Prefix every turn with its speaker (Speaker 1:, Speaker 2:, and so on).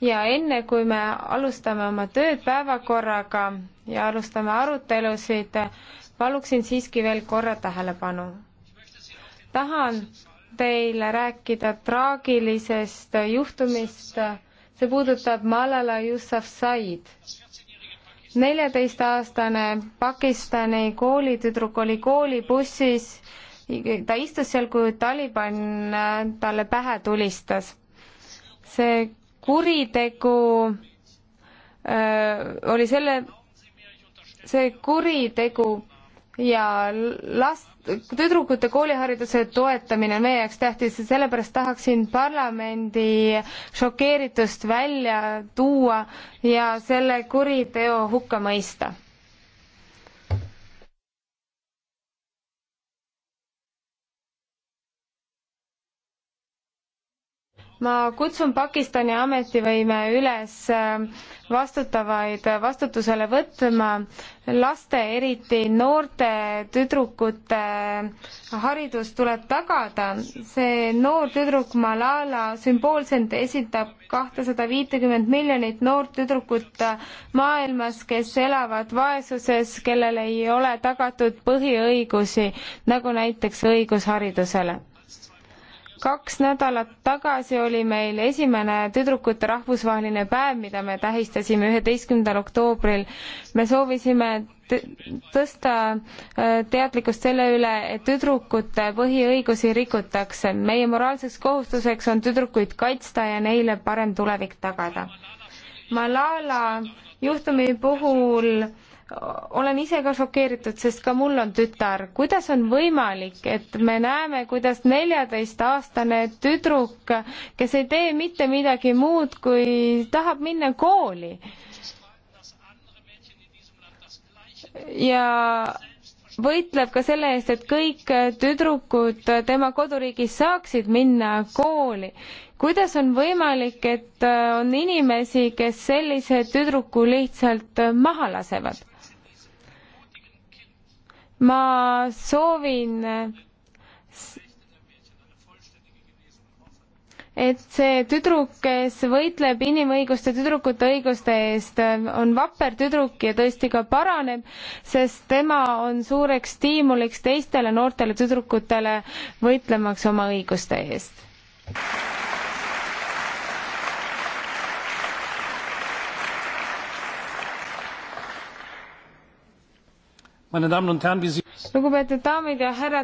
Speaker 1: ja enne, kui me alustame oma tööd päevakorraga ja alustame arutelusid, paluksin siiski veel korra tähelepanu. tahan teile rääkida traagilisest juhtumist, see puudutab Malala Yousafzaid. neljateistaastane Pakistani koolitüdruk oli koolibussis, ta istus seal, kui Taliban talle pähe tulistas. see kuritegu äh, oli selle, see kuritegu ja last, tüdrukute koolihariduse toetamine on meie jaoks tähtis ja sellepärast tahaksin parlamendi šokeeritust välja tuua ja selle kuriteo hukka mõista ma kutsun Pakistani ametivõime üles äh, vastutavaid vastutusele võtma laste, eriti noorte tüdrukute haridus tuleb tagada. see noor tüdruk Malala sümboolselt esitab kahtesada viitekümmet miljonit noort tüdrukut maailmas, kes elavad vaesuses, kellel ei ole tagatud põhiõigusi, nagu näiteks õigus haridusele kaks nädalat tagasi oli meil esimene tüdrukute rahvusvaheline päev, mida me tähistasime üheteistkümnendal oktoobril. me soovisime tõsta äh, teadlikkust selle üle, et tüdrukute põhiõigusi rikutakse. meie moraalseks kohustuseks on tüdrukuid kaitsta ja neile parem tulevik tagada. Malala juhtumi puhul olen ise ka šokeeritud, sest ka mul on tütar. kuidas on võimalik, et me näeme, kuidas neljateistaastane tüdruk, kes ei tee mitte midagi muud, kui tahab minna kooli ja võitleb ka selle eest, et kõik tüdrukud tema koduriigis saaksid minna kooli. kuidas on võimalik, et on inimesi, kes sellise tüdruku lihtsalt maha lasevad? ma soovin, et see tüdruk, kes võitleb inimõiguste, tüdrukute õiguste eest, on vapper tüdruk ja tõesti ka paraneb, sest tema on suureks stiimuliks teistele noortele tüdrukutele võitlemaks oma õiguste eest. lugupeetud daamid ja härrad!